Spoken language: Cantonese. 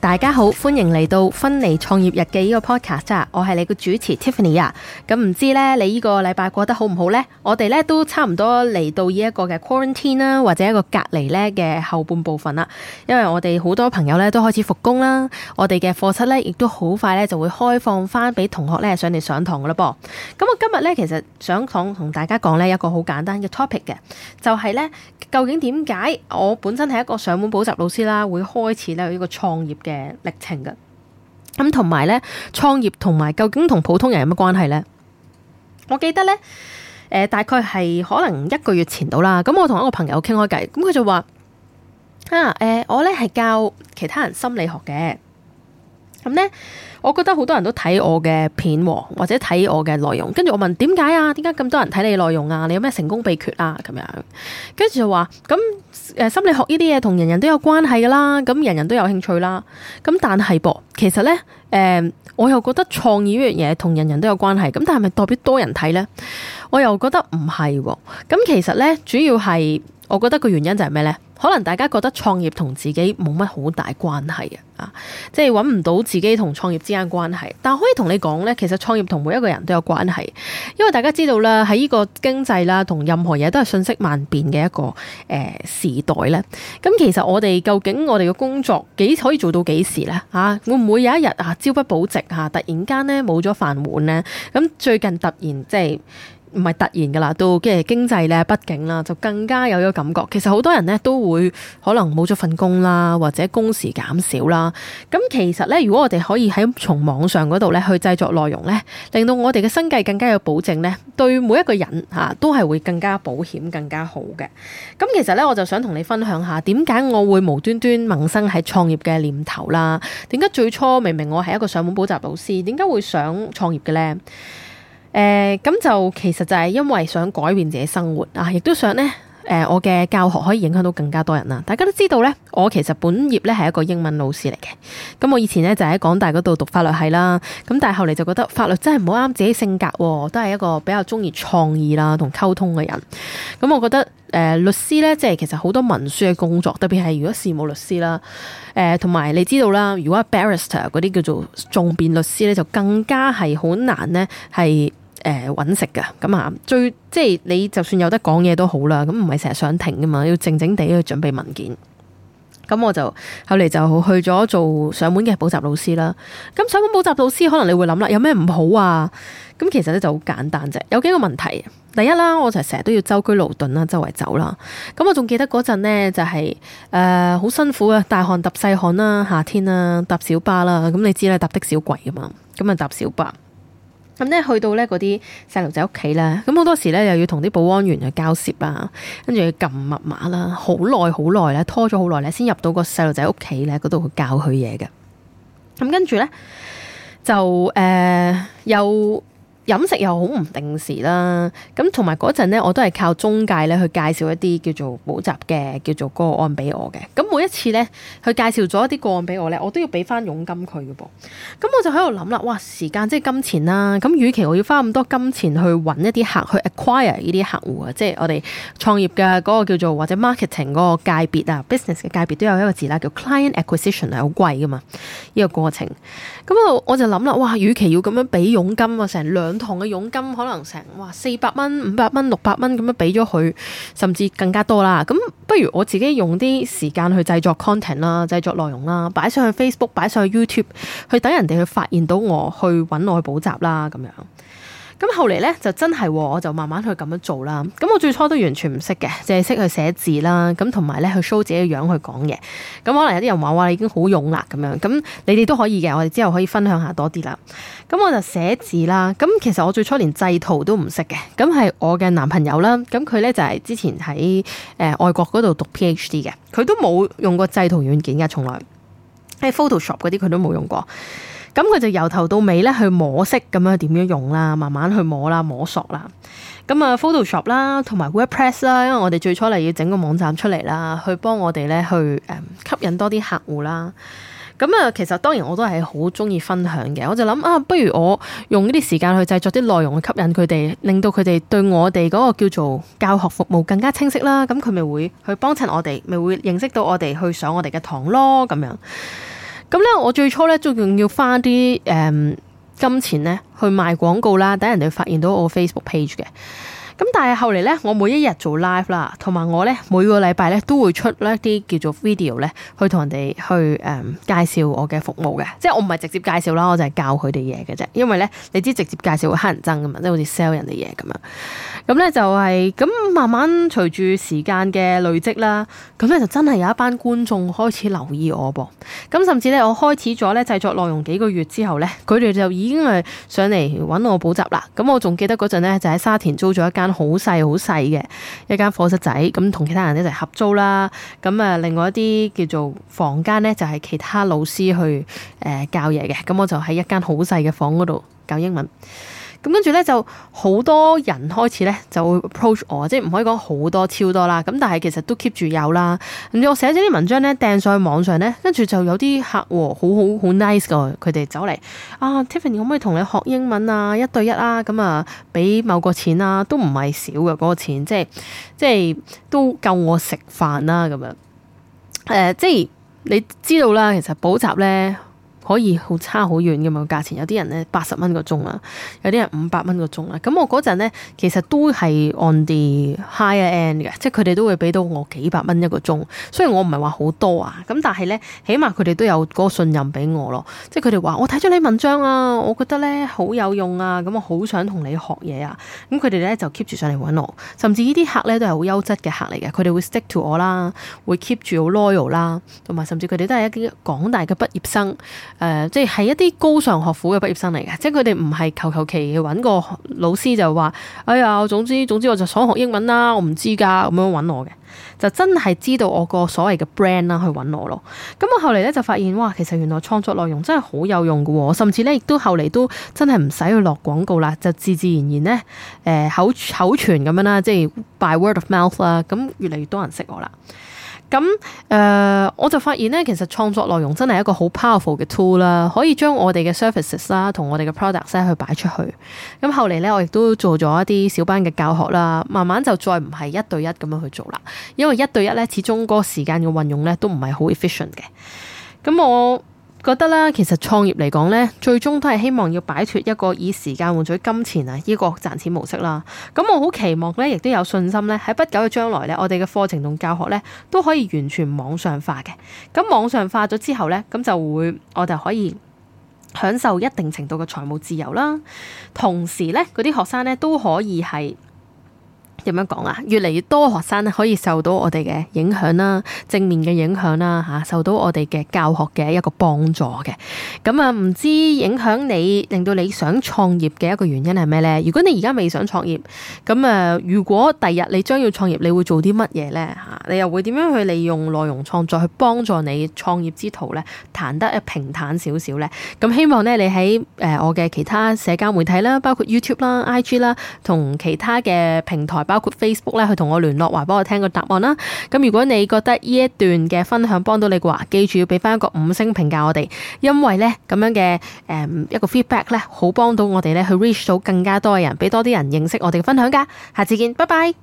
大家好，歡迎嚟到《芬妮創業日記》呢個 podcast 啊！我係你個主持 Tiffany 啊！咁唔知呢，你呢個禮拜過得好唔好呢？我哋呢都差唔多嚟到呢一個嘅 quarantine 啦，或者一個隔離呢嘅後半部分啦。因為我哋好多朋友呢都開始復工啦，我哋嘅課室呢亦都好快呢就會開放翻俾同學呢上嚟上堂噶啦噃。咁我今日呢，其實想講同大家講呢一個好簡單嘅 topic 嘅，就係呢究竟點解我本身係一個上門補習老師啦，會開始呢呢個創業？嘅歷程嘅，咁同埋咧創業同埋究竟同普通人有乜關係咧？我記得咧，誒、呃、大概係可能一個月前到啦。咁、嗯、我同一個朋友傾開偈，咁、嗯、佢就話啊，誒、呃、我咧係教其他人心理學嘅。咁呢、嗯，我覺得好多人都睇我嘅片或者睇我嘅內容，跟住我問點解啊？點解咁多人睇你內容啊？你有咩成功秘訣啊？咁樣跟住就話，咁、嗯、誒心理學呢啲嘢同人人都有關係㗎啦，咁人人都有興趣啦。咁但係噃，其實呢，誒、嗯，我又覺得創意呢樣嘢同人人都有關係，咁但係咪代表多人睇呢？我又覺得唔係喎。咁、嗯、其實呢，主要係。我覺得個原因就係咩呢？可能大家覺得創業同自己冇乜好大關係啊，啊即係揾唔到自己同創業之間關係。但可以同你講呢，其實創業同每一個人都有關係，因為大家知道啦，喺呢個經濟啦，同任何嘢都係瞬息萬變嘅一個誒、呃、時代呢。咁其實我哋究竟我哋嘅工作幾可以做到幾時呢？啊，會唔會有一日啊，朝不保夕啊，突然間咧冇咗飯碗呢？咁最近突然即係。唔係突然噶啦，到即係經濟咧不景啦，就更加有咗感覺。其實好多人咧都會可能冇咗份工啦，或者工時減少啦。咁其實咧，如果我哋可以喺從網上嗰度咧去製作內容咧，令到我哋嘅生計更加有保證咧，對每一個人嚇、啊、都係會更加保險、更加好嘅。咁其實咧，我就想同你分享下點解我會無端端萌生喺創業嘅念頭啦。點解最初明明我係一個上門補習老師，點解會想創業嘅咧？誒咁就其實就係因為想改變自己生活啊，亦都想呢，誒我嘅教學可以影響到更加多人啊！大家都知道呢，我其實本業呢係一個英文老師嚟嘅。咁我以前呢就喺廣大嗰度讀法律系啦。咁但係後嚟就覺得法律真係唔好啱自己性格，都係一個比較中意創意啦同溝通嘅人。咁我覺得誒、呃、律師呢即係其實好多文書嘅工作，特別係如果事務律師啦，同、呃、埋你知道啦，如果 Barrister 嗰啲叫做重辯律師呢，就更加係好難呢係，誒、呃，搵食噶，咁啊，最即係你就算有得講嘢都好啦，咁唔係成日想停噶嘛，要靜靜地去準備文件。咁我就後嚟，就去咗做上門嘅補習老師啦。咁上門補習老師可能你會諗啦，有咩唔好啊？咁其實咧，就好簡單啫，有幾個問題。第一啦，我就成日都要周居勞頓啦，周圍走啦。咁我仲記得嗰陣呢，就係誒，好辛苦啊，大汗揼細汗啦，夏天啦，搭小巴啦。咁你知咧搭的士好貴㗎嘛，咁啊搭小巴。咁咧去到咧嗰啲細路仔屋企咧，咁好多時咧又要同啲保安員去交涉啦，跟住要撳密碼啦，好耐好耐咧，拖咗好耐咧，先入到個細路仔屋企咧嗰度去教佢嘢嘅。咁跟住咧就誒、呃、又。飲食又好唔定時啦，咁同埋嗰陣咧，我都係靠中介咧去介紹一啲叫做補習嘅叫做個案俾我嘅。咁每一次咧，佢介紹咗一啲個案俾我咧，我都要俾翻佣金佢嘅噃。咁我就喺度諗啦，哇！時間即係金錢啦、啊。咁與其我要花咁多金錢去搵一啲客去 acquire 呢啲客戶啊，即係我哋創業嘅嗰個叫做或者 marketing 嗰個界別啊 ，business 嘅界別都有一個字啦、啊，叫 client acquisition 係好貴㗎嘛，呢、這個過程。咁我就諗啦，哇！與其要咁樣俾佣金啊，成兩唔同嘅佣金可能成哇四百蚊、五百蚊、六百蚊咁樣俾咗佢，甚至更加多啦。咁不如我自己用啲時間去製作 content 啦，製作內容啦，擺上去 Facebook，擺上去 YouTube，去等人哋去發現到我，去揾我去補習啦，咁樣。咁後嚟咧就真係、喔，我就慢慢去咁樣做啦。咁我最初都完全唔識嘅，淨係識去寫字啦。咁同埋咧去 show 自己嘅樣去講嘢。咁可能有啲人話話你已經好勇啊，咁樣。咁你哋都可以嘅，我哋之後可以分享下多啲啦。咁我就寫字啦。咁其實我最初連製圖都唔識嘅。咁係我嘅男朋友啦。咁佢咧就係、是、之前喺誒、呃、外國嗰度讀 PhD 嘅。佢都冇用過製圖軟件嘅，從來。係 Photoshop 嗰啲佢都冇用過。咁佢就由頭到尾咧去摸識咁樣點樣用啦，慢慢去摸啦，摸索啦。咁、嗯、啊，Photoshop 啦，同埋 WordPress 啦，因為我哋最初嚟要整個網站出嚟啦，去幫我哋咧去、嗯、吸引多啲客戶啦。咁、嗯、啊，其實當然我都係好中意分享嘅，我就諗啊，不如我用呢啲時間去製作啲內容去吸引佢哋，令到佢哋對我哋嗰個叫做教學服務更加清晰啦。咁佢咪會去幫襯我哋，咪會認識到我哋去上我哋嘅堂咯，咁樣。咁咧，我最初咧仲仲要花啲誒、嗯、金錢咧去賣廣告啦，等人哋發現到我 Facebook page 嘅。咁但係後嚟咧，我每一日做 live 啦，同埋我咧每個禮拜咧都會出咧啲叫做 video 咧，去同人哋去誒、嗯、介紹我嘅服務嘅，即係我唔係直接介紹啦，我就係教佢哋嘢嘅啫。因為咧，你知直接介紹會乞人憎噶嘛，即係好似 sell 人哋嘢咁樣。咁、嗯、咧就係、是、咁、嗯、慢慢隨住時間嘅累積啦，咁、嗯、咧就真係有一班觀眾開始留意我噃。咁、嗯、甚至咧我開始咗咧製作內容幾個月之後咧，佢哋就已經係上嚟揾我補習啦。咁、嗯、我仲記得嗰陣咧就喺沙田租咗一間。好細好細嘅一間課室仔，咁同其他人一齊合租啦。咁啊，另外一啲叫做房間呢，就係、是、其他老師去誒、呃、教嘢嘅。咁我就喺一間好細嘅房嗰度教英文。咁跟住咧就好多人開始咧就會 approach 我，即係唔可以講好多超多啦。咁但係其實都 keep 住有啦。咁我寫咗啲文章咧，掟上去網上咧，跟住就有啲客戶、哦、好好好 nice 噶，佢哋走嚟啊，Tiffany 可唔可以同你學英文啊？一對一啊，咁啊，俾某個錢啊，都唔係少嘅嗰、嗰個錢，即係即係都夠我食飯啦咁樣。誒，即係、啊啊、你知道啦，其實補習咧。可以好差好遠嘅嘛？價錢，有啲人咧，八十蚊個鐘啊，有啲人五百蚊個鐘啦。咁我嗰陣咧，其實都係 on the higher end 嘅，即係佢哋都會俾到我幾百蚊一個鐘。雖然我唔係話好多啊，咁但係咧，起碼佢哋都有嗰個信任俾我咯。即係佢哋話：我睇咗你文章啊，我覺得咧好有用啊，咁我好想同你學嘢啊。咁佢哋咧就 keep 住上嚟揾我，甚至呢啲客咧都係好優質嘅客嚟嘅。佢哋會 stick to 我啦，會 keep 住好 loyal 啦，同埋甚至佢哋都係一啲港大嘅畢業生，誒、呃，即係一啲高尚學府嘅畢業生嚟嘅，即係佢哋唔係求求其揾個老師就話，哎呀，總之總之我就想學英文啦，我唔知㗎，咁樣揾我嘅，就真係知道我個所謂嘅 brand 啦去揾我咯。咁我後嚟咧就發現，哇，其實原來創作內容真係好有用㗎喎，甚至咧亦都後嚟都真係唔使去落廣告啦，就自自然然呢，誒、呃、口口傳咁樣啦，即係 by word of mouth 啦，咁越嚟越多人識我啦。咁誒、呃，我就發現咧，其實創作內容真係一個好 powerful 嘅 tool 啦，可以將我哋嘅 services 啦，同我哋嘅 products 咧去擺出去。咁後嚟咧，我亦都做咗一啲小班嘅教學啦，慢慢就再唔係一對一咁樣去做啦，因為一對一咧，始終嗰個時間嘅運用咧，都唔係好 efficient 嘅。咁我覺得啦，其實創業嚟講咧，最終都係希望要擺脫一個以時間換取金錢啊呢個賺錢模式啦。咁我好期望咧，亦都有信心咧，喺不久嘅將來咧，我哋嘅課程同教學咧都可以完全網上化嘅。咁網上化咗之後咧，咁就會我哋可以享受一定程度嘅財務自由啦。同時咧，嗰啲學生咧都可以係。點樣講啊？越嚟越多學生咧可以受到我哋嘅影響啦，正面嘅影響啦，吓受到我哋嘅教學嘅一個幫助嘅。咁、嗯、啊，唔知影響你令到你想創業嘅一個原因係咩呢？如果你而家未想創業，咁、嗯、啊，如果第日你將要創業，你會做啲乜嘢呢？吓，你又會點樣去利用內容創作去幫助你創業之途呢？彈得平坦少少呢。咁、嗯、希望呢，你喺誒、呃、我嘅其他社交媒體啦，包括 YouTube 啦、IG 啦，同其他嘅平台。包括 Facebook 咧，去同我聯絡，話俾我聽個答案啦。咁如果你覺得呢一段嘅分享幫到你嘅話，記住要俾翻一個五星評價我哋，因為呢，咁樣嘅誒、嗯、一個 feedback 呢，好幫到我哋呢去 reach 到更加多嘅人，俾多啲人認識我哋嘅分享噶。下次見，拜拜。